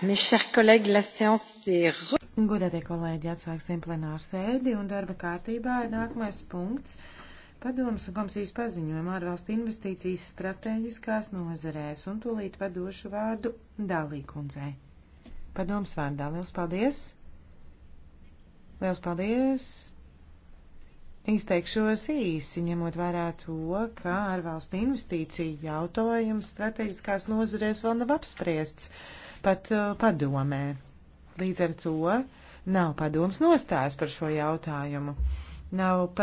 Godātie kolēģi, atsāksim plenāru sēdi un darba kārtībā ir nākamais punkts. Padomas un komisijas paziņojumā ar valstu investīcijas strateģiskās nozerēs un tūlīt padošu vārdu Dālī kundzei. Padomas vārdā, liels paldies! Liels paldies! Izteikšos īsi, ņemot vērā to, ka ārvalstu investīciju jautājums strateģiskās nozarēs vēl nav apspriests pat uh, padomē. Līdz ar to nav padoms nostājas par šo jautājumu. Nav pat